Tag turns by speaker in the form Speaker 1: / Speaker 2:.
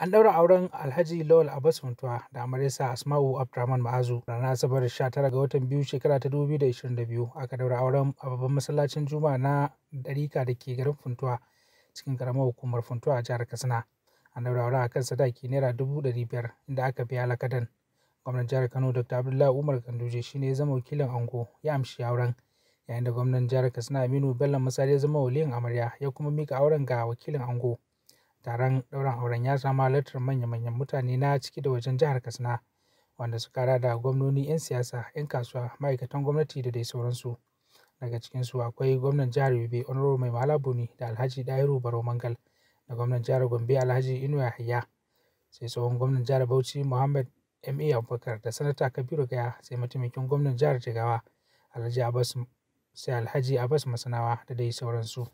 Speaker 1: An ɗaura auren Alhaji Lawal Abbas Funtuwa da amaryarsa Asma'u Abdurrahman Ma'azu ranar Asabar 19 ga watan biyu shekara ta 2022 aka daura auren a babban masallacin Juma na ɗarika da ke garin Funtuwa cikin karamar hukumar Funtuwa a jihar Katsina. An ɗaura auren a kan sadaki naira dubu ɗari biyar inda aka biya lakadan. Gwamnan jihar Kano Dr. Abdullahi Umar Ganduje shine ya zama wakilin ango ya amshi auren yayin da gwamnan jihar Katsina Aminu Bello Masari ya zama waliyin amarya ya kuma mika auren ga wakilin ango. Taron ɗaurin auren ya samu halartar manya-manyan mutane na ciki da wajen jihar Katsina, wanda suka haɗa da gwamnoni, 'yan siyasa, 'yan kasuwa, ma'aikatan gwamnati da dai sauransu. Daga cikinsu akwai Gwamnan Jihar Yobe onoro Mai malabuni da Alhaji Dahiru Barau Mangal da Gwamnan Jihar Gombe Alhaji Inuwa Yahaya, sai tsohon Gwamnan Jihar Bauchi Muhammad M.A. Abubakar da Sanata Kabiru Gaya sai mataimakin Gwamnan Jihar Jigawa Alhaji sai Alhaji Abbas Masanawa da dai
Speaker 2: sauransu.